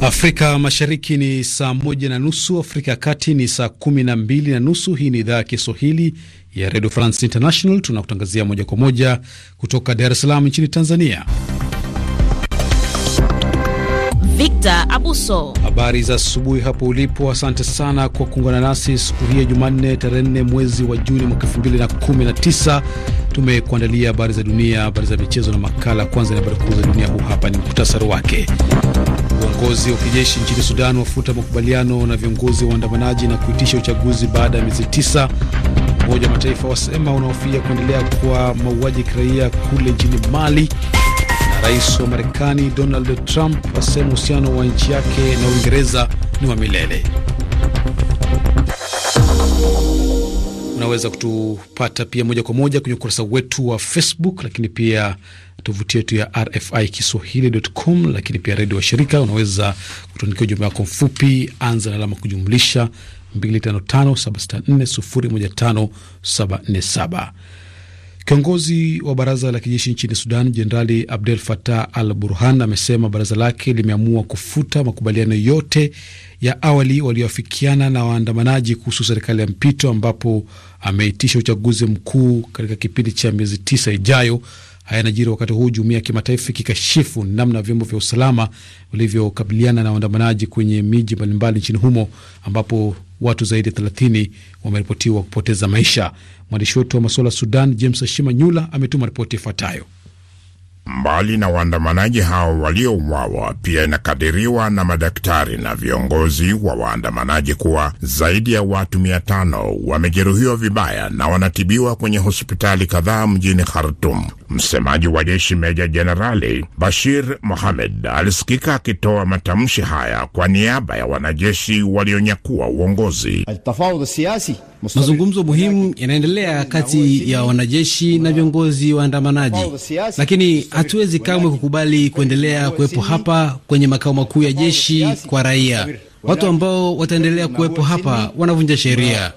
Afrika Mashariki ni saa moja na nusu, Afrika ya Kati ni saa kumi na mbili na nusu. Hii ni idhaa ya Kiswahili ya Radio France International, tunakutangazia moja kwa moja kutoka Dar es Salaam nchini Tanzania. Victor Abuso, habari za asubuhi hapo ulipo. Asante sana kwa kuungana nasi siku hii ya Jumanne, tarehe 4 mwezi wa Juni mwaka tisa. Tumekuandalia habari za dunia, habari za michezo na makala. Kwanza ni habari kuu za dunia, huu hapa ni muhtasari wake. Uongozi wa kijeshi nchini Sudan wafuta makubaliano na viongozi wa waandamanaji na kuitisha uchaguzi baada ya miezi tisa. Umoja wa Mataifa wasema unahofia kuendelea kwa mauaji ya kiraia kule nchini Mali. Na rais wa Marekani Donald Trump asema uhusiano wa nchi yake na Uingereza ni wa milele. Unaweza kutupata pia moja kwa moja kwenye ukurasa wetu wa Facebook, lakini pia tovuti yetu ya RFI Kiswahili.com, lakini pia redio wa shirika. Unaweza kutuandikia ujumbe wako mfupi, anza na alama kujumlisha 255 Kiongozi wa baraza la kijeshi nchini Sudan, Jenerali Abdel Fattah al Burhan, amesema baraza lake limeamua kufuta makubaliano yote ya awali walioafikiana na waandamanaji kuhusu serikali ya mpito, ambapo ameitisha uchaguzi mkuu katika kipindi cha miezi tisa ijayo. Haya yanajiri wakati huu jumuiya ya kimataifa ikikashifu namna vyombo vya usalama vilivyokabiliana na waandamanaji kwenye miji mbalimbali nchini humo, ambapo watu zaidi ya 30 wameripotiwa kupoteza maisha. Mwandishi wetu wa masuala ya Sudan, James Ashima Nyula, ametuma ripoti ifuatayo. Mbali na waandamanaji hao waliouawa, pia inakadiriwa na madaktari na viongozi wa waandamanaji kuwa zaidi ya watu mia tano wamejeruhiwa vibaya na wanatibiwa kwenye hospitali kadhaa mjini Khartum. Msemaji wa jeshi Meja Jenerali Bashir Mohamed alisikika akitoa matamshi haya kwa niaba ya wanajeshi walionyakua uongozi. Mazungumzo muhimu yanaendelea kati ya wanajeshi na viongozi waandamanaji, lakini hatuwezi kamwe kukubali kuendelea kuwepo hapa kwenye makao makuu ya jeshi kwa raia. Watu ambao wataendelea kuwepo hapa wanavunja sheria.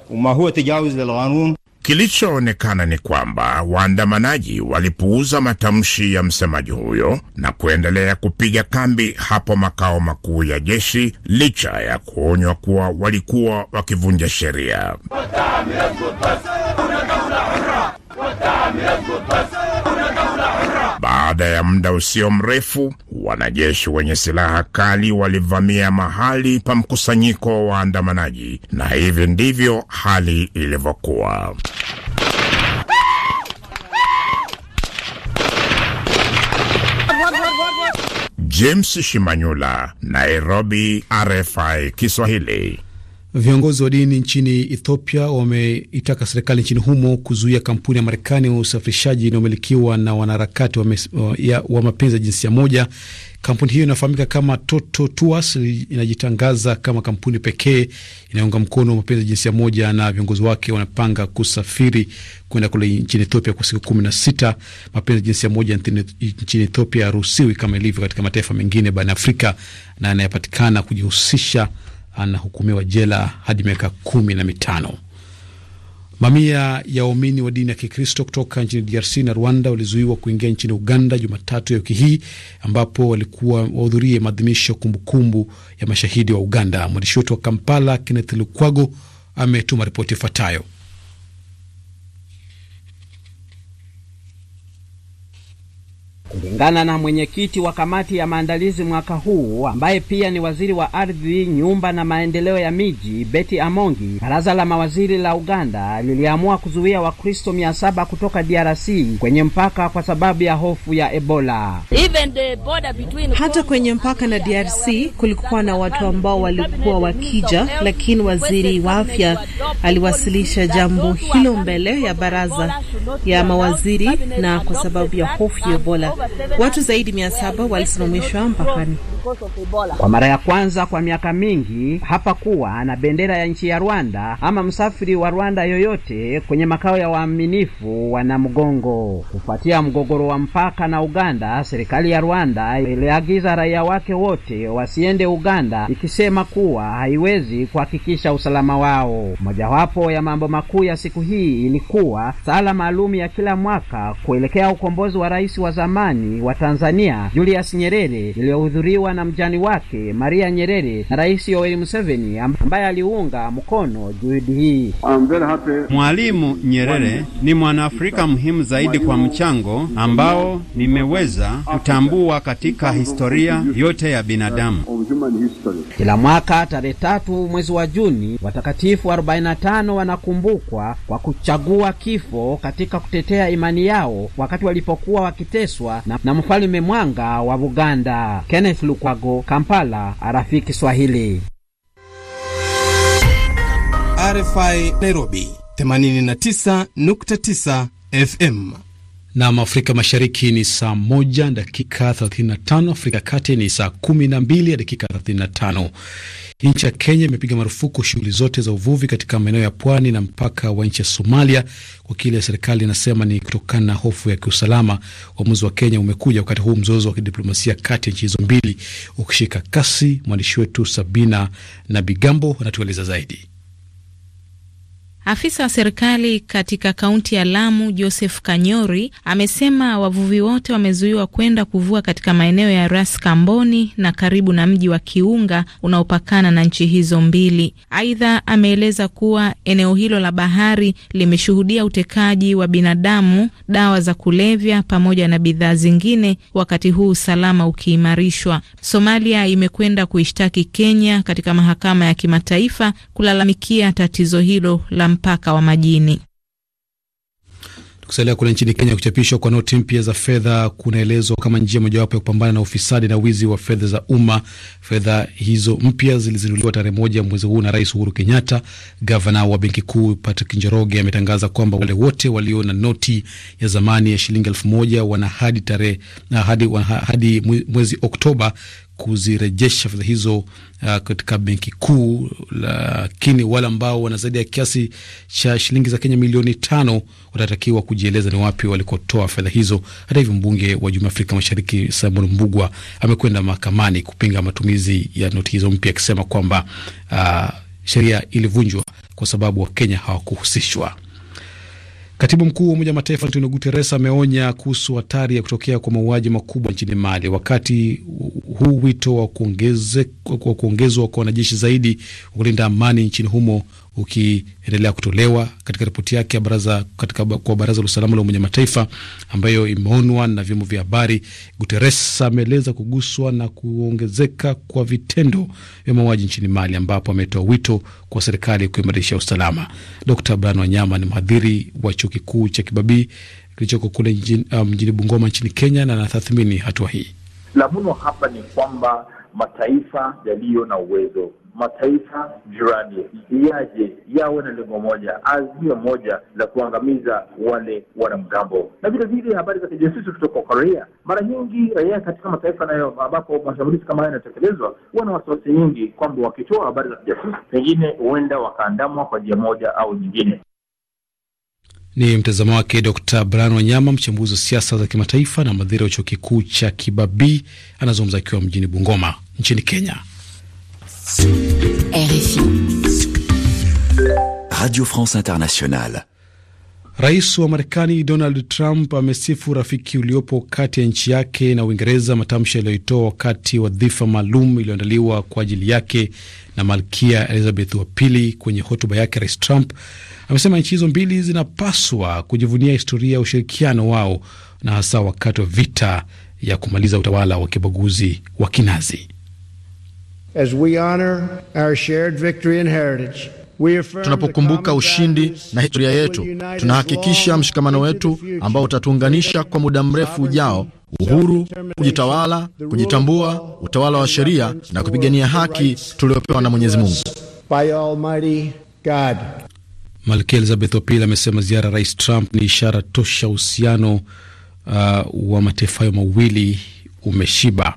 Kilichoonekana ni kwamba waandamanaji walipuuza matamshi ya msemaji huyo na kuendelea kupiga kambi hapo makao makuu ya jeshi licha ya kuonywa kuwa walikuwa wakivunja sheria. Baada ya muda usio mrefu, wanajeshi wenye silaha kali walivamia mahali pa mkusanyiko wa waandamanaji, na hivi ndivyo hali ilivyokuwa. James Shimanyula, Nairobi, RFI Kiswahili. Viongozi wa dini nchini Ethiopia wameitaka serikali nchini humo kuzuia kampuni ya Marekani ya usafirishaji inayomilikiwa na wanaharakati wa, wa mapenzi ya jinsia moja. Kampuni hiyo inafahamika kama Toto Tuas inajitangaza kama kampuni pekee inayounga mkono mapenzi ya jinsia moja, na viongozi wake wanapanga kusafiri kwenda kule nchini Ethiopia kwa siku kumi na sita. Mapenzi ya jinsia moja nchini Ethiopia haruhusiwi kama ilivyo katika mataifa mengine barani Afrika na yanayopatikana kujihusisha anahukumiwa jela hadi miaka kumi na mitano. Mamia ya waumini wa dini ya Kikristo kutoka nchini DRC na Rwanda walizuiwa kuingia nchini Uganda Jumatatu ya wiki hii, ambapo walikuwa wahudhurie maadhimisho kumbukumbu ya mashahidi wa Uganda. Mwandishi wetu wa Kampala, Kenneth Lukwago, ametuma ripoti ifuatayo. Kulingana na mwenyekiti wa kamati ya maandalizi mwaka huu ambaye pia ni waziri wa ardhi, nyumba na maendeleo ya miji Betty Amongi, baraza la mawaziri la Uganda liliamua kuzuia Wakristo mia saba kutoka DRC kwenye mpaka kwa sababu ya hofu ya Ebola. Between... hata kwenye mpaka na DRC kulikuwa na watu ambao walikuwa wakija, lakini waziri wa afya aliwasilisha jambo hilo mbele ya baraza ya mawaziri, na kwa sababu ya hofu ya Ebola Watu zaidi mia saba walisimamishwa mpakani. Kwa mara ya kwanza kwa miaka mingi hapakuwa na bendera ya nchi ya Rwanda ama msafiri wa Rwanda yoyote kwenye makao ya waaminifu mgongo Kufuatia mgogoro wa mpaka na Uganda, serikali ya Rwanda iliagiza raia wake wote wasiende Uganda, ikisema kuwa haiwezi kuhakikisha usalama wao. Mojawapo ya mambo makuu ya siku hii ilikuwa sala maalum ya kila mwaka kuelekea ukombozi wa rais wa zamani wa Tanzania Julius Nyerere iliyohudhuriwa na mjani wake Maria Nyerere na Rais Yoweri Museveni ambaye aliunga mkono juhudi hii. Mwalimu Nyerere ni mwanaafrika muhimu zaidi kwa mchango ambao nimeweza kutambua katika historia yote ya binadamu. Kila mwaka tarehe tatu mwezi wa Juni, watakatifu 45 wanakumbukwa kwa kuchagua kifo katika kutetea imani yao wakati walipokuwa wakiteswa na, na mfalme Mwanga wa Buganda. Kenneth Luka. Lukwago, Kampala. arafiki Swahili. RFI Nairobi 89.9 FM. Nam Afrika Mashariki ni saa moja dakika 35, Afrika ya Kati ni saa 12 dakika 35. Nchi ya Kenya imepiga marufuku shughuli zote za uvuvi katika maeneo ya pwani na mpaka wa nchi ya Somalia kwa kile serikali inasema ni kutokana na hofu ya kiusalama. Uamuzi wa Kenya umekuja wakati huu mzozo wa kidiplomasia kati ya nchi hizo mbili ukishika kasi. Mwandishi wetu Sabina na Bigambo anatueleza zaidi. Afisa wa serikali katika kaunti ya Lamu, Joseph Kanyori, amesema wavuvi wote wamezuiwa kwenda kuvua katika maeneo ya Ras Kamboni na karibu na mji wa Kiunga unaopakana na nchi hizo mbili. Aidha, ameeleza kuwa eneo hilo la bahari limeshuhudia utekaji wa binadamu, dawa za kulevya pamoja na bidhaa zingine, wakati huu usalama ukiimarishwa. Somalia imekwenda kuishtaki Kenya katika mahakama ya kimataifa kulalamikia tatizo hilo la mpaka wa majini. Kusalia kule nchini Kenya, kuchapishwa kwa noti mpya za fedha kunaelezwa kama njia mojawapo ya kupambana na ufisadi na wizi wa fedha za umma. Fedha hizo mpya zilizinduliwa tarehe moja mwezi huu na Rais Uhuru Kenyatta. Gavana wa Benki Kuu Patrick Njoroge ametangaza kwamba wale wote walio na noti ya zamani ya shilingi elfu moja wana hadi tarehe hadi mwezi Oktoba kuzirejesha fedha hizo uh, katika benki kuu, lakini wale ambao wana zaidi ya kiasi cha shilingi za Kenya milioni tano watatakiwa kujieleza ni wapi walikotoa fedha hizo. Hata hivyo, mbunge wa Jumuiya Afrika Mashariki Simon Mbugwa amekwenda mahakamani kupinga matumizi ya noti hizo mpya, akisema kwamba uh, sheria ilivunjwa kwa sababu Wakenya hawakuhusishwa. Katibu mkuu wa Umoja wa Mataifa Antonio Guterres ameonya kuhusu hatari ya kutokea kwa mauaji makubwa nchini Mali. Wakati huu wito wa kuongezwa kwa wanajeshi zaidi wa kulinda amani nchini humo ukiendelea kutolewa katika ripoti yake ya baraza katika kwa baraza la usalama la Umoja Mataifa ambayo imeonwa na vyombo vya habari. Guterres ameeleza kuguswa na kuongezeka kwa vitendo vya mauaji nchini Mali, ambapo ametoa wito kwa serikali kuimarisha usalama. Dr Brian Wanyama ni mhadhiri wa chuo kikuu cha Kibabii kilichoko kule mjini um, Bungoma nchini Kenya, na anatathmini hatua hii. La muno hapa ni kwamba mataifa yaliyo na uwezo, mataifa jirani yaje yawe na lengo moja, azia moja la kuangamiza wale wanamgambo. Na vile vile habari za kijasusi kutoka Korea, mara nyingi raia katika mataifa nayo ambapo mashambulizi kama haya yanatekelezwa, huwa na wasiwasi nyingi kwamba wakitoa habari za kijasusi pengine huenda wakaandamwa kwa njia moja au nyingine. Ni mtazamo wake Dr bran Wanyama, mchambuzi wa siasa za kimataifa na mhadhiri wa chuo kikuu cha Kibabii. Anazungumza akiwa mjini Bungoma nchini Kenya. RFI Radio France Internationale. Rais wa Marekani Donald Trump amesifu rafiki uliopo kati ya nchi yake na Uingereza, matamshi aliyoitoa wakati wa dhifa maalum iliyoandaliwa kwa ajili yake na Malkia Elizabeth wa Pili. Kwenye hotuba yake, Rais Trump amesema nchi hizo mbili zinapaswa kujivunia historia ya ushirikiano wao na hasa wakati wa vita ya kumaliza utawala wa kibaguzi wa Kinazi. As we honor our shared victory and heritage Tunapokumbuka ushindi na historia yetu, tunahakikisha mshikamano wetu ambao utatuunganisha kwa muda mrefu ujao: uhuru, kujitawala, kujitambua, utawala wa sheria na kupigania haki tuliopewa na Mwenyezi Mungu. Malkia Elizabeth Opil amesema ziara ya Rais Trump ni ishara tosha uhusiano uh, wa mataifa hayo mawili umeshiba.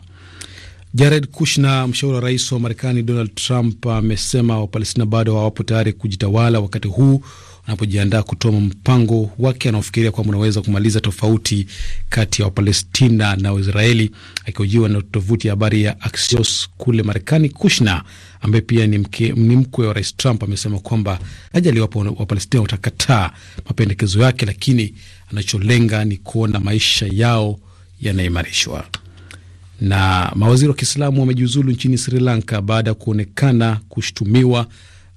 Jared Kushner, mshauri wa rais wa Marekani Donald Trump, amesema Wapalestina bado hawapo tayari kujitawala wakati huu anapojiandaa kutoa mpango wake anaofikiria kwamba unaweza kumaliza tofauti kati ya Wapalestina na Waisraeli. Akihojiwa na tovuti ya habari ya Axios kule Marekani, Kushner ambaye pia ni mkwe wa rais Trump amesema kwamba ajali wapo Wapalestina watakataa mapendekezo yake, lakini anacholenga ni kuona maisha yao yanaimarishwa na mawaziri wa Kiislamu wamejiuzulu nchini Sri Lanka baada ya kuonekana kushutumiwa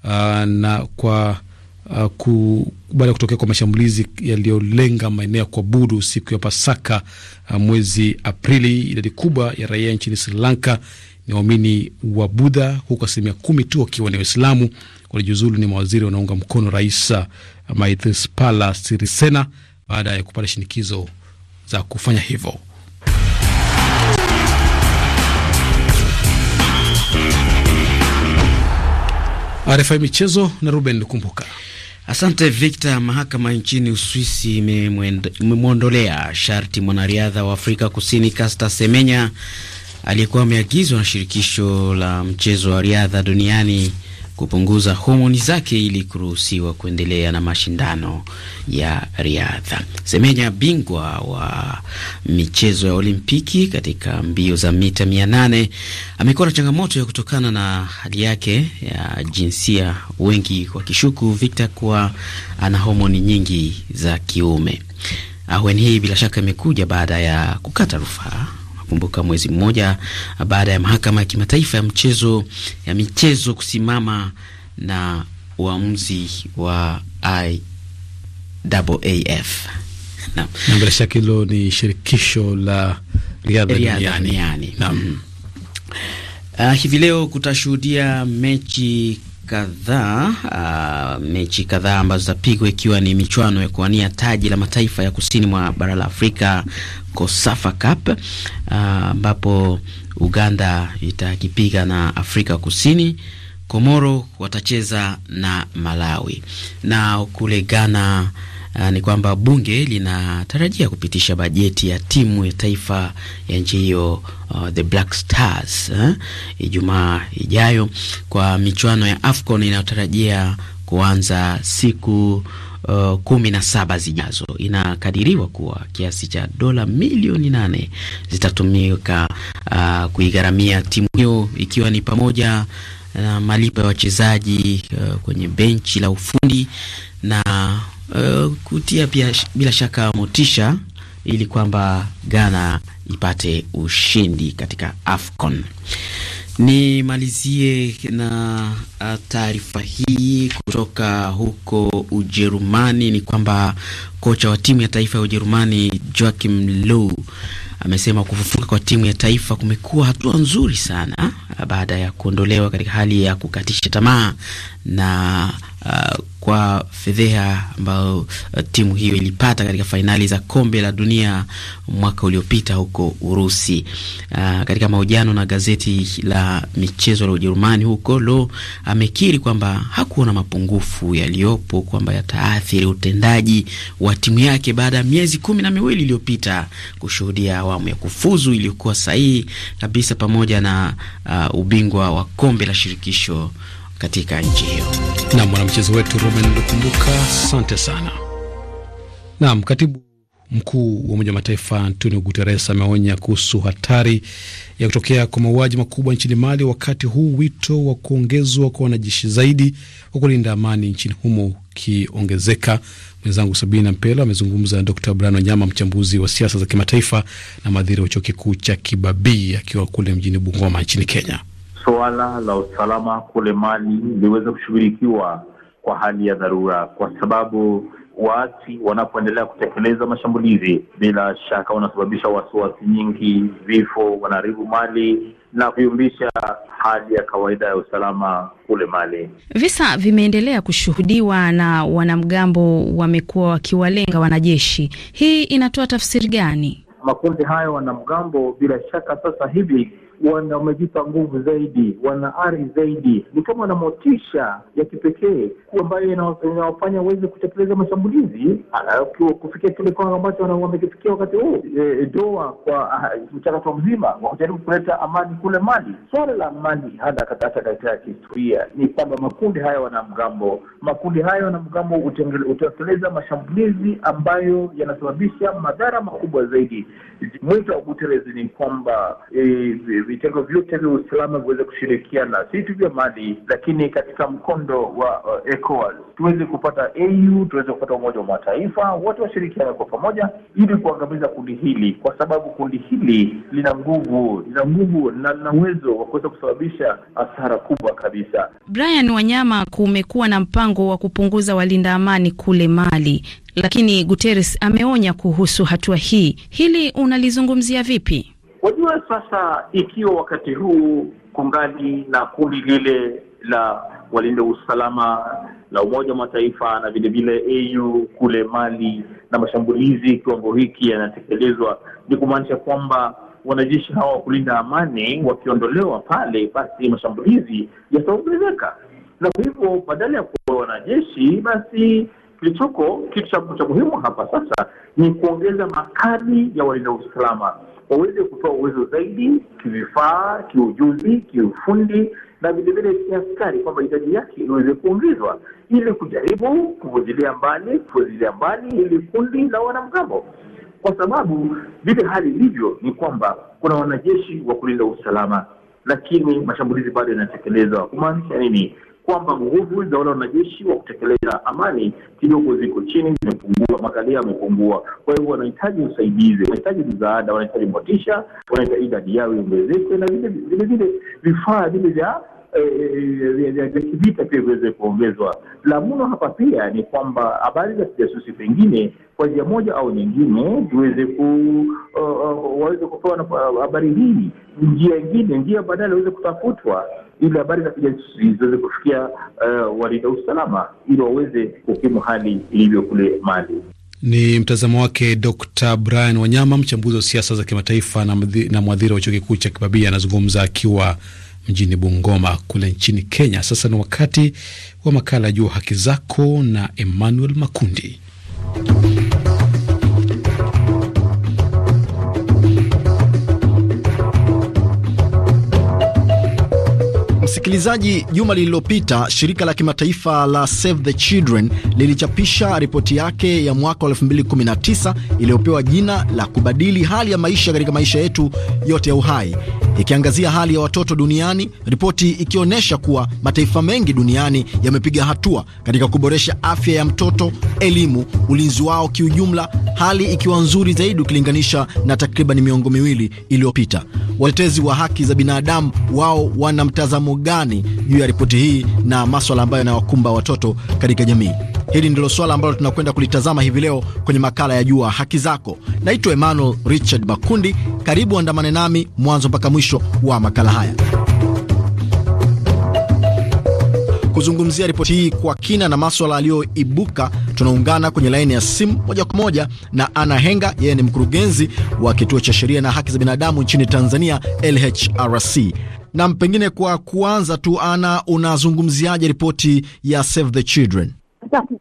uh, na kwa uh, ku, baada ya kutokea kwa mashambulizi yaliyolenga maeneo ya kuabudu siku ya Pasaka uh, mwezi Aprili. Idadi kubwa ya raia nchini Sri Lanka ni waumini wa Budha, huku asilimia kumi tu wakiwa ni Waislamu. Walijiuzulu ni mawaziri wanaunga mkono Rais uh, Maithripala Sirisena baada ya kupata shinikizo za kufanya hivyo. RFI Michezo na Ruben Kumbuka. Asante Victor. Mahakama nchini Uswisi imemwondolea sharti mwanariadha wa Afrika Kusini Caster Semenya aliyekuwa ameagizwa na shirikisho la mchezo wa riadha duniani kupunguza homoni zake ili kuruhusiwa kuendelea na mashindano ya riadha. Semenya, bingwa wa michezo ya Olimpiki katika mbio za mita mia nane, amekuwa na changamoto ya kutokana na hali yake ya jinsia, wengi wakishuku Victor kuwa ana homoni nyingi za kiume. Ahueni hii bila shaka imekuja baada ya kukata rufaa Kumbuka mwezi mmoja baada ya mahakama ya kimataifa ya mchezo ya michezo kusimama na uamuzi wa IAAF. na bila shaka hilo ni shirikisho la riadha duniani. Naam. Mm-hmm. Ah, hivi leo kutashuhudia mechi kadhaa uh, mechi kadhaa ambazo zitapigwa ikiwa ni michuano ya kuwania taji la mataifa ya kusini mwa bara la Afrika COSAFA Cup ah, ambapo uh, Uganda itakipiga na Afrika Kusini, Komoro watacheza na Malawi na kule Ghana Ah, ni kwamba bunge linatarajia kupitisha bajeti ya timu ya taifa ya nchi hiyo uh, the Black Stars eh, Ijumaa ijayo kwa michuano ya AFCON inayotarajia kuanza siku uh, kumi na saba zijazo. Inakadiriwa kuwa kiasi cha dola milioni nane zitatumika uh, kuigharamia timu hiyo ikiwa ni pamoja na uh, malipo ya wachezaji uh, kwenye benchi la ufundi na Eh, kutia pia bila shaka motisha ili kwamba Ghana ipate ushindi katika AFCON. Nimalizie na ah, taarifa hii kutoka huko Ujerumani, ni kwamba kocha wa timu ya taifa ya Ujerumani Joachim Low amesema kufufuka kwa timu ya taifa kumekuwa hatua nzuri sana ah, baada ya kuondolewa katika hali ya kukatisha tamaa na uh, kwa fedheha ambayo uh, timu hiyo ilipata katika fainali za kombe la dunia mwaka uliopita huko Urusi. Uh, katika mahojiano na gazeti la michezo la Ujerumani huko Lo amekiri kwamba hakuona mapungufu yaliyopo kwamba yataathiri utendaji wa timu yake baada ya miezi kumi na miwili iliyopita kushuhudia awamu ya kufuzu iliyokuwa sahihi kabisa pamoja na uh, ubingwa wa kombe la shirikisho katika nchi hiyo. Na mwanamchezo wetu Ruben Lukumbuka, asante sana. Naam, katibu mkuu wa Umoja wa Mataifa Antonio Guterres ameonya kuhusu hatari ya kutokea kwa mauaji makubwa nchini Mali, wakati huu wito wa kuongezwa kwa wanajeshi zaidi wa kulinda amani nchini humo ukiongezeka. Mwenzangu Sabina Mpelo amezungumza na Dr Brian Wanyama, mchambuzi wa siasa za kimataifa na mhadhiri wa chuo kikuu cha Kibabii, akiwa kule mjini Bungoma nchini Kenya suala la usalama kule Mali liweze kushughulikiwa kwa hali ya dharura, kwa sababu waasi wanapoendelea kutekeleza mashambulizi, bila shaka wanasababisha wasiwasi nyingi, vifo, wanaharibu mali na kuyumbisha hali ya kawaida ya usalama kule Mali. Visa vimeendelea kushuhudiwa na wanamgambo wamekuwa wakiwalenga wanajeshi. Hii inatoa tafsiri gani? Makundi hayo wanamgambo bila shaka sasa hivi wamejipa nguvu zaidi, wana ari zaidi, ni kama wana motisha ya kipekee ambayo inawafanya waweze kutekeleza mashambulizi ah, kufikia kile kiwango ambacho wamekifikia wakati huu e, e, doa kwa ah, mchakato mzima wa kujaribu kuleta amani kule Mali. Swala la mali hata katika kihistoria ni kwamba makundi haya wanamgambo, makundi haya wanamgambo utekeleza mashambulizi ambayo yanasababisha madhara makubwa zaidi. Mwito wa Guterres ni kwamba e, vitengo vyote vya usalama viweze kushirikiana, si tu vya Mali lakini katika mkondo wa uh, ECOWAS tuweze kupata AU, tuweze kupata Umoja wa Mataifa, wote washirikiane kwa pamoja ili kuangamiza kundi hili, kwa sababu kundi hili lina nguvu, lina nguvu na lina uwezo wa kuweza kusababisha hasara kubwa kabisa. Brian Wanyama, kumekuwa na mpango wa kupunguza walinda amani kule Mali, lakini Guterres ameonya kuhusu hatua hii. Hili unalizungumzia vipi? Wajua sasa, ikiwa wakati huu kungali na kundi lile la walinda usalama la Umoja wa Mataifa na vilevile AU kule Mali, na mashambulizi kiwango hiki yanatekelezwa, ni kumaanisha kwamba wanajeshi hawa wa kulinda amani wakiondolewa pale, basi mashambulizi yataongezeka, na kwa hivyo badala ya kuwa wanajeshi, basi kilichoko kitu cha muhimu hapa sasa ni kuongeza makali ya walinda usalama waweze kutoa uwezo zaidi kivifaa, kiujuzi, kiufundi na vilevile kiaskari, kwamba idadi yake iweze kuongezwa ili kujaribu kuvujilia mbali kuvujilia mbali ili kundi la wanamgambo, kwa sababu vile hali ilivyo ni kwamba kuna wanajeshi wa kulinda usalama, lakini mashambulizi bado yanatekelezwa. Kumaanisha nini? kwamba nguvu za wale wanajeshi wa kutekeleza amani kidogo ziko chini, zimepungua, makalia yamepungua. Kwa hivyo wanahitaji usaidizi, wanahitaji msaada, wanahitaji motisha, wanahitaji idadi yao iongezekwe, na vile vile vifaa vile eh, vya vya kivita pia viweze kuongezwa. La muno hapa pia ni kwamba habari za kijasusi pengine kwa njia moja au nyingine ziweze ku eh, eh, waweze kupewa habari hii, njia ingine, njia badala iweze kutafutwa ili habari za kijai ziweze kufikia uh, eh, walinda usalama ili waweze kukimu hali ilivyo kule Mali. Ni mtazamo wake Dr Brian Wanyama, mchambuzi wa siasa za kimataifa na mwadhiri wa chuo kikuu cha Kibabii, anazungumza akiwa mjini Bungoma kule nchini Kenya. Sasa ni wakati wa makala ya Jua Haki Zako na Emmanuel Makundi. Msikilizaji, juma lililopita shirika la kimataifa la Save the Children lilichapisha ripoti yake ya mwaka wa 2019 iliyopewa jina la kubadili hali ya maisha katika maisha yetu yote ya uhai ikiangazia hali ya watoto duniani, ripoti ikionyesha kuwa mataifa mengi duniani yamepiga hatua katika kuboresha afya ya mtoto, elimu, ulinzi wao kiujumla, hali ikiwa nzuri zaidi ukilinganisha na takriban miongo miwili iliyopita. Watetezi wa haki za binadamu wao wana mtazamo gani juu ya ripoti hii na maswala ambayo yanawakumba watoto katika jamii? Hili ndilo swala ambalo tunakwenda kulitazama hivi leo kwenye makala ya Jua Haki Zako. Naitwa Emmanuel Richard Bakundi, karibu andamane nami mwanzo mpaka mwisho wa makala haya. Kuzungumzia ripoti hii kwa kina na maswala aliyoibuka, tunaungana kwenye laini ya simu moja kwa moja na Ana Henga. Yeye ni mkurugenzi wa kituo cha sheria na haki za binadamu nchini Tanzania, LHRC. Nam, pengine kwa kuanza tu, Ana, unazungumziaje ripoti ya Save the Children?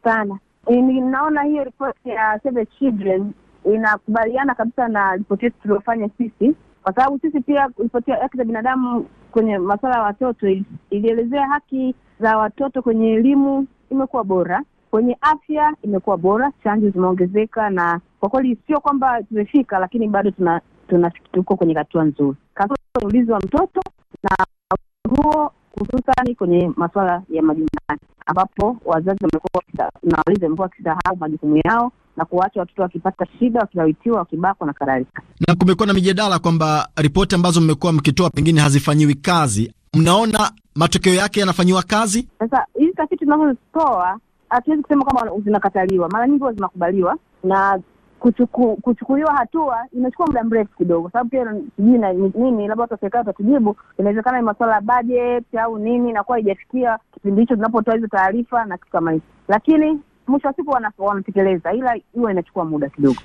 sana eh, Ninaona hiyo ripoti ya Save the Children inakubaliana kabisa na ripoti yetu tuliofanya sisi, kwa sababu sisi pia ripoti ya haki za binadamu kwenye masuala ya watoto ilielezea haki za watoto kwenye elimu imekuwa bora, kwenye afya imekuwa bora, chanjo zimeongezeka, na kwa kweli sio kwamba tumefika, lakini bado tuna, tuna tuko kwenye hatua nzuri. Kasoro wa mtoto na huo hususani kwenye masuala ya majumbani, ambapo wazazi wamekuwa na walezi wamekuwa wakisahau majukumu yao na kuwaacha watoto wakipata shida, wakilawitiwa, wakibakwa na kadhalika. Na kumekuwa na mijadala kwamba ripoti ambazo mmekuwa mkitoa pengine hazifanyiwi kazi, mnaona matokeo yake yanafanyiwa kazi? Sasa hizi tafiti tunazozitoa hatuwezi kusema kwamba zinakataliwa, mara nyingi huwa zinakubaliwa na kuchuku, kuchukuliwa hatua imechukua muda mrefu kidogo, sababu pia sijui na nini, labda hata serikali watatujibu, inawezekana ni masuala ya bajeti au nini, inakuwa haijafikia kipindi hicho tunapotoa hizo taarifa na kitu kama hicho, lakini mwisho wa siku wanatekeleza, ila huwa inachukua muda kidogo.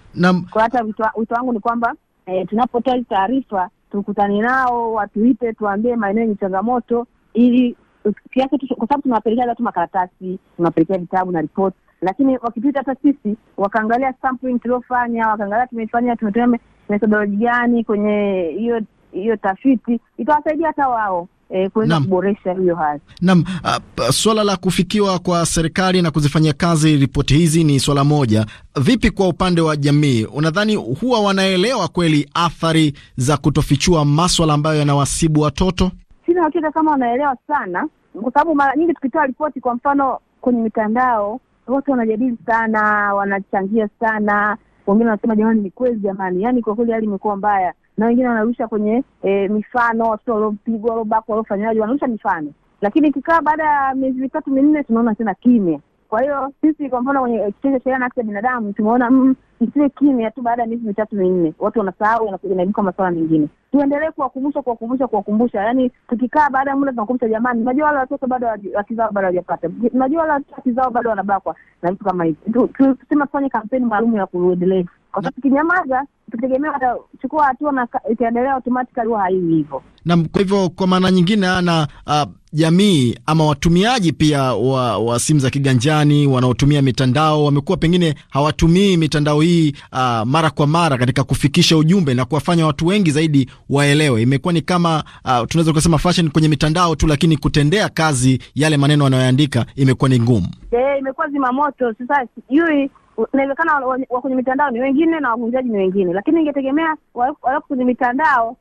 Kwa hata wito wangu ni kwamba e, tunapotoa hizi taarifa tukutane nao, watuite, tuambie maeneo yenye changamoto ili kiasi, kwa sababu tunawapelekea tu makaratasi, tunawapelekea vitabu na ripoti lakini wakipita hata sisi wakaangalia sampling tuliofanya, wakaangalia tumefanya tumetumia methodology gani kwenye hiyo hiyo tafiti, itawasaidia hata wao E, kuweza kuboresha hiyo hali. Naam, ah, swala la kufikiwa kwa serikali na kuzifanyia kazi ripoti hizi ni swala moja. Vipi kwa upande wa jamii, unadhani huwa wanaelewa kweli athari za kutofichua maswala ambayo yanawasibu watoto? Sina hakika kama wanaelewa sana, kwa sababu mara nyingi tukitoa ripoti, kwa mfano kwenye mitandao, watu wanajadili sana, wanachangia sana, wengine wanasema jamani, ni kweli jamani, yani kwa kweli hali imekuwa mbaya, na wengine wanarusha kwenye e, mifano, watoto waliopigwa, waliobakwa, waliofanyaje, wanarusha mifano, lakini ikikaa baada ya miezi mitatu minne, tunaona tena kimya. Kwa hiyo sisi kwa mfano kwenye kitengo cha sheria na haki za binadamu tumeona mm, isiwe kimya tu baada ya miezi mitatu minne, watu wanasahau, inaibuka masuala mengine. Tuendelee kuwakumbusha kuwakumbusha kuwakumbusha, yaani tukikaa baada ya muda tunakumbusha, jamani, unajua wale watoto bado haki zao bado hawajapata, unajua wale watoto haki zao bado wanabakwa na vitu kama hivi. tusema tufanye kampeni maalum ya kuendelevu kwa sababu kinyamaza tukitegemea watachukua hatua na itaendelea automatically, huwa haiwi hivyo. Na kwa hivyo kwa maana nyingine ana ah, jamii ama watumiaji pia wa, wa simu za kiganjani wanaotumia mitandao wamekuwa pengine hawatumii mitandao hii uh, mara kwa mara katika kufikisha ujumbe na kuwafanya watu wengi zaidi waelewe. Imekuwa ni kama uh, tunaweza kusema fashion kwenye mitandao tu, lakini kutendea kazi yale maneno wanayoandika imekuwa ni ngumu. E, imekuwa zimamoto sasa, sijui inawezekana wa kwenye mitandao ni wengine na wavunjaji ni wengine, lakini ingetegemea walio kwenye mitandao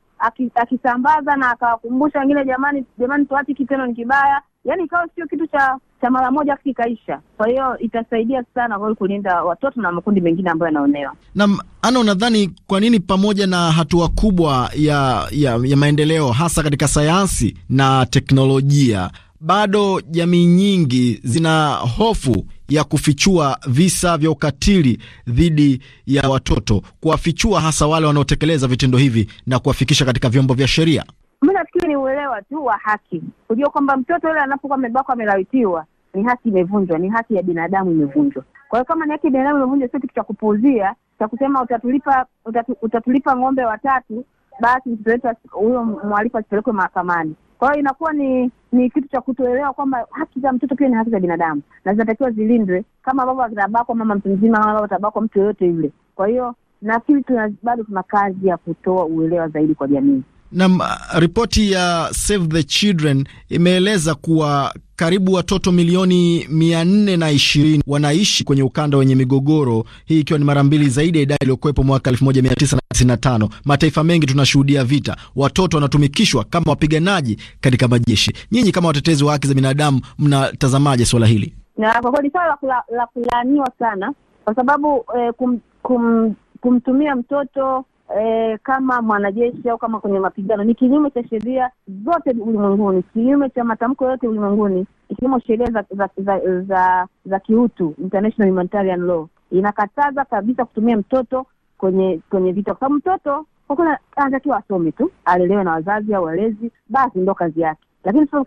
akisambaza na akawakumbusha wengine, jamani, jamani, tuati kitendo ni kibaya, yaani ikawa sio kitu cha cha mara moja kikaisha. Kwa hiyo itasaidia sana kwa kulinda watoto na makundi mengine ambayo yanaonewa. Naam, ana unadhani kwa nini pamoja na hatua kubwa ya, ya, ya maendeleo hasa katika sayansi na teknolojia bado jamii nyingi zina hofu ya kufichua visa vya ukatili dhidi ya watoto, kuwafichua hasa wale wanaotekeleza vitendo hivi na kuwafikisha katika vyombo vya sheria. Mi nafikiri ni uelewa tu wa haki, kujua kwamba mtoto yule anapokuwa amebakwa, amelawitiwa, ni haki imevunjwa, ni haki ya binadamu imevunjwa. Kwa hiyo kama ni haki ya binadamu imevunjwa, sio kitu cha kupuuzia cha kusema utatulipa, utatu, utatulipa ng'ombe watatu, basi mtoto wetu huyo mhalifu asipelekwe mahakamani. Kwa hiyo inakuwa ni ni kitu cha kutoelewa kwamba haki za mtoto pia ni haki za binadamu na zinatakiwa zilindwe, kama ambavyo atabakwa mama mtu mzima, kama ambavyo atabakwa mtu yoyote yule. Kwa hiyo nafikiri tuna bado tuna kazi ya kutoa uelewa zaidi kwa jamii. Nam, uh, ripoti ya Save the Children imeeleza kuwa karibu watoto milioni mia nne na ishirini wanaishi kwenye ukanda wenye migogoro, hii ikiwa ni mara mbili zaidi ya idadi iliyokuwepo mwaka tisa 65. Mataifa mengi tunashuhudia vita, watoto wanatumikishwa kama wapiganaji katika majeshi. Nyinyi kama watetezi wa haki za binadamu mnatazamaje swala hili? Na kwa kweli swala la kulaaniwa sana, kwa sababu eh, kum, kum, kumtumia mtoto eh, kama mwanajeshi au kama kwenye mapigano ni kinyume cha sheria zote ulimwenguni, kinyume cha matamko yote ulimwenguni, ikiwemo sheria za za, za, za za kiutu, international humanitarian law inakataza kabisa kutumia mtoto kwenye kwenye vita, kwa sababu mtoto kwa kuna anatakiwa asome tu, alelewe na wazazi au walezi, basi ndo kazi yake. Lakini sasa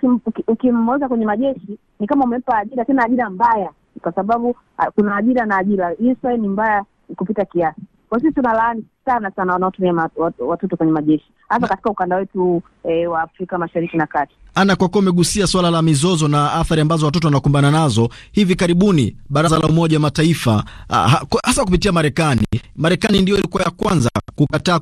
ukimweka kwenye majeshi ni kama umempa ajira, tena ajira mbaya, kwa sababu ah, kuna ajira na ajira. Israel ni mbaya kupita kiasi. Kwa sisi tuna laani sana sana wanaotumia watoto kwenye majeshi, hasa katika ukanda wetu e, wa Afrika Mashariki na Kati. Ana kwakuwa umegusia swala la mizozo na athari ambazo watoto wanakumbana nazo. Hivi karibuni baraza la Umoja wa Mataifa ah, hasa kupitia Marekani, Marekani ndio ilikuwa ya kwanza kukataa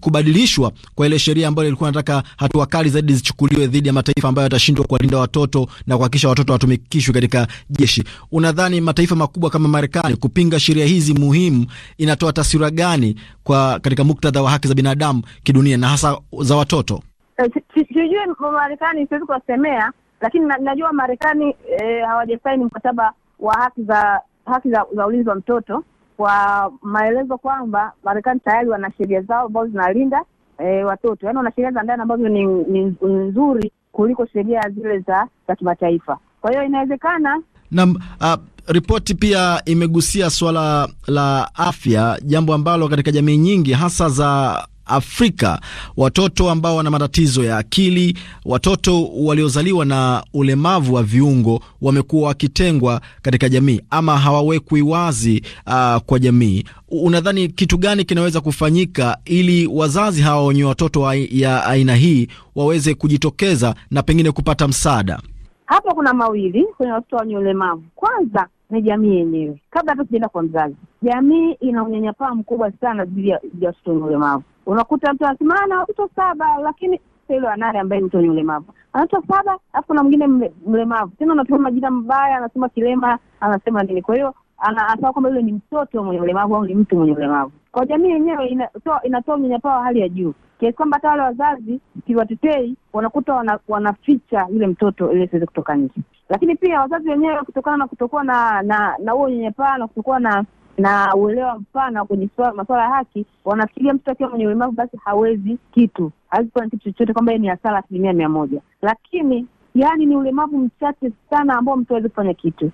kubadilishwa kwa ile sheria ambayo ilikuwa inataka hatua kali zaidi zichukuliwe dhidi ya mataifa ambayo yatashindwa kuwalinda watoto na kuhakikisha watoto watumikishwe katika jeshi. Unadhani mataifa makubwa kama Marekani kupinga sheria hizi muhimu inatoa taswira gani kwa katika muktadha wa haki za binadamu kidunia na hasa za watoto? Eh, sijui Marekani, siwezi kuwasemea, lakini najua Marekani eh, hawajasaini mkataba wa haki za haki za, za ulinzi wa mtoto kwa maelezo kwamba Marekani tayari wana sheria zao ambazo zinalinda e, watoto yaani wana sheria za ndani ambazo ni, ni nzuri kuliko sheria zile za, za kimataifa. Kwa hiyo inawezekana nam uh, ah, ripoti pia imegusia suala la afya, jambo ambalo katika jamii nyingi hasa za Afrika, watoto ambao wana matatizo ya akili, watoto waliozaliwa na ulemavu wa viungo wamekuwa wakitengwa katika jamii ama hawawekwi wazi uh, kwa jamii. Unadhani kitu gani kinaweza kufanyika ili wazazi hawa wenye watoto wa ya aina hii waweze kujitokeza na pengine kupata msaada? Hapo kuna mawili kwenye watoto wenye ulemavu. Kwanza ni jamii yenyewe, kabla hata sijaenda kwa mzazi, jamii ina unyanyapaa mkubwa sana dhidi ya watoto wenye ulemavu unakuta mtu anasema ana ah, watoto saba, lakini yule wa ambaye mtu ni mlemavu anatoa saba, alafu na mwingine mlemavu tena, anatumia majina mabaya, anasema kilema, anasema nini. Kwa hiyo anasema kwamba yule ni mtoto mwenye ulemavu au ni mtu mwenye ulemavu. Kwa jamii yenyewe inatoa inatoa unyanyapaa wa hali ya juu kiasi kwamba hata wale wazazi kiwatetei wanakuta wana, wanaficha yule mtoto ili asiweze kutoka nje. Lakini pia wazazi wenyewe kutokana na kutokuwa na na huo unyanyapaa na kutokuwa na na uelewa mpana kwenye masuala ya haki, wanafikiria mtoto akiwa mwenye ulemavu basi hawezi kitu, hawezi kuwa na kitu chochote, kwamba ni hasara asilimia mia moja, lakini yani ni ulemavu mchache sana ambao mtu hawezi kufanya kitu.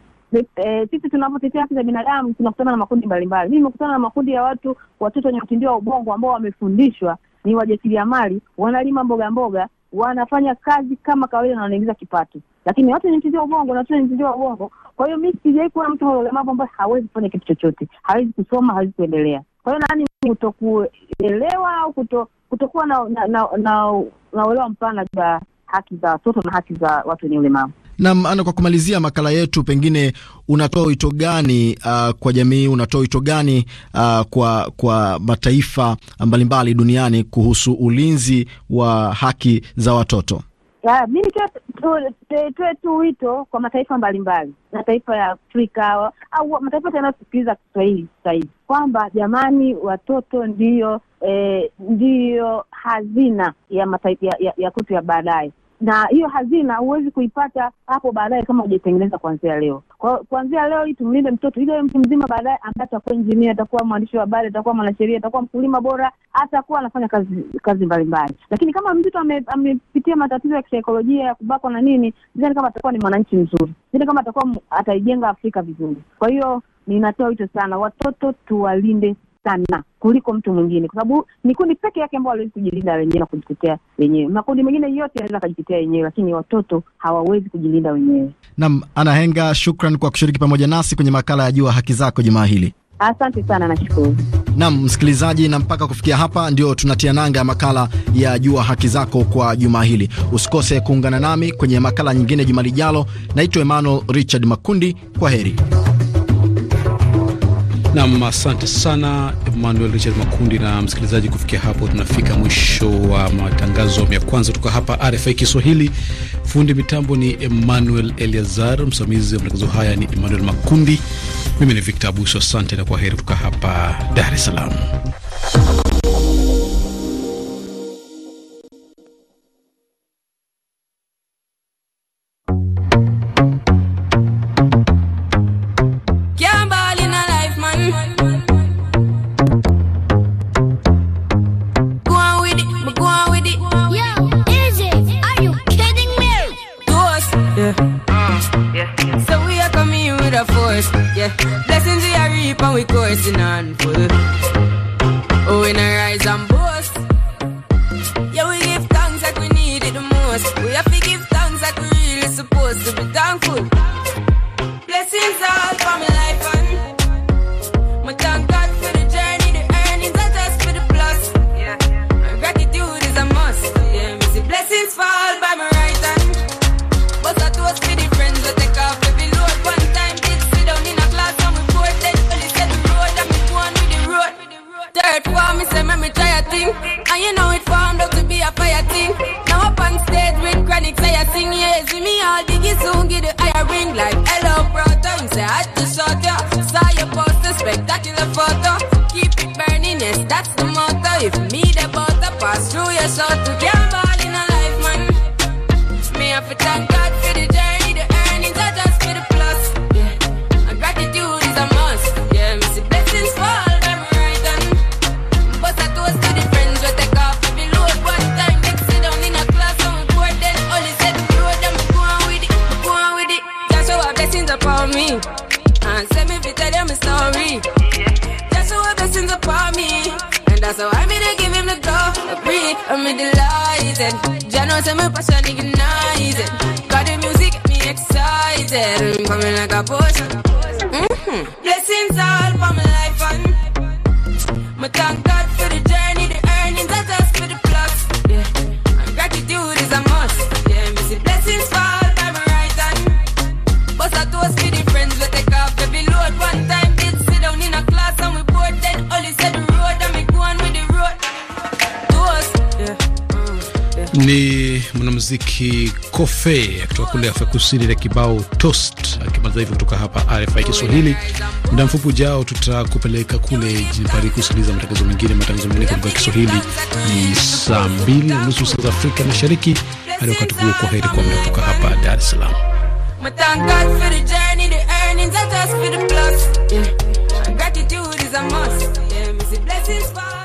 E, sisi tunapotetea haki za binadamu tunakutana na makundi mbalimbali. Mimi nimekutana na makundi ya watu, watoto wenye utindio wa ubongo ambao wamefundishwa ni wajasiriamali, wanalima mboga mboga, wanafanya kazi kama kawaida na wanaingiza kipato, lakini watu wenye mchizi wa ubongo na watu wenye wa ubongo. Kwa hiyo mimi sijai kuwa mtu mwenye ulemavu ambaye hawezi kufanya kitu chochote, hawezi kusoma, hawezi kuendelea. Kwa hiyo nani, kutokuelewa au kuto, kutokuwa na na na, na, na uelewa mpana za haki za watoto na haki za watu wenye ulemavu. Nam ana kwa kumalizia makala yetu, pengine unatoa wito gani uh, kwa jamii? Unatoa wito gani uh, kwa, kwa mataifa mbalimbali duniani kuhusu ulinzi wa haki za watoto? Mi nitoe tu wito kwa mataifa mbalimbali, mataifa ya Afrika au mataifa yote yanayosikiliza Kiswahili sasa hivi kwamba jamani, watoto ndiyo eh, ndiyo hazina ya, ya, ya, ya kutu ya baadaye na hiyo hazina huwezi kuipata hapo baadaye kama hujaitengeneza kuanzia leo. Kwa kuanzia leo hii tumlinde mtoto ili mtu mzima baadaye ambaye atakuwa injinia, atakuwa mwandishi wa habari, atakuwa mwanasheria, atakuwa mkulima bora, atakuwa anafanya kazi kazi mbalimbali. Lakini kama mtoto amepitia ame matatizo ya kisaikolojia ya kubakwa na nini, sidhani kama atakuwa ni mwananchi mzuri, sidhani kama atakuwa ataijenga Afrika vizuri. Kwa hiyo ninatoa wito sana, watoto tuwalinde sana kuliko mtu mwingine, kwa sababu ni kundi peke yake ambao waliwezi kujilinda wenyewe na kujitetea wenyewe. Makundi mengine yote yanaweza akajitetea wenyewe, lakini watoto hawawezi kujilinda wenyewe. nam Ana Henga, shukran kwa kushiriki pamoja nasi kwenye makala ya Jua Haki Zako jumaa hili. Asante sana, nashukuru. Nam msikilizaji, na mpaka kufikia hapa ndio tunatia nanga ya makala ya Jua Haki Zako kwa juma hili. Usikose kuungana nami kwenye makala nyingine juma lijalo. Naitwa Emmanuel Richard Makundi, kwa heri. Nam, asante sana Emmanuel Richard Makundi. Na msikilizaji, kufikia hapo tunafika mwisho wa matangazo ya kwanza kutoka hapa RFI Kiswahili. Fundi mitambo ni Emmanuel Eliazar, msimamizi wa matangazo haya ni Emmanuel Makundi, mimi ni Victor Abuso. Asante na kwa heri kutoka hapa Dar es Salaam. potion ignite it. Got the music, me excited. I'm coming like a potion. Mm-hmm. Blessings all for my life and my thank God for the journey, the earnings, I just for the plus. Yeah, gratitude is a must. Yeah, me see blessings fall by my right hand. Bust a toast with the friends, we take off every load. One time kids sit down in a class and we bored, then only said the road and me go on with the road. Toast, yeah. Mm, Ni mwanamuziki Kofe akitoka kule Afrika Kusini na kibao Toast, akimaliza hivyo kutoka hapa RFI Kiswahili. Muda mfupi ujao, tutakupeleka kule jijini Paris kusikiliza matangazo mengine. Matangazo mengine kwa Kiswahili ni saa mbili na nusu saa za Afrika Mashariki. Hadi wakati huo, kwa heri kwa muda kutoka hapa Dar es Salaam.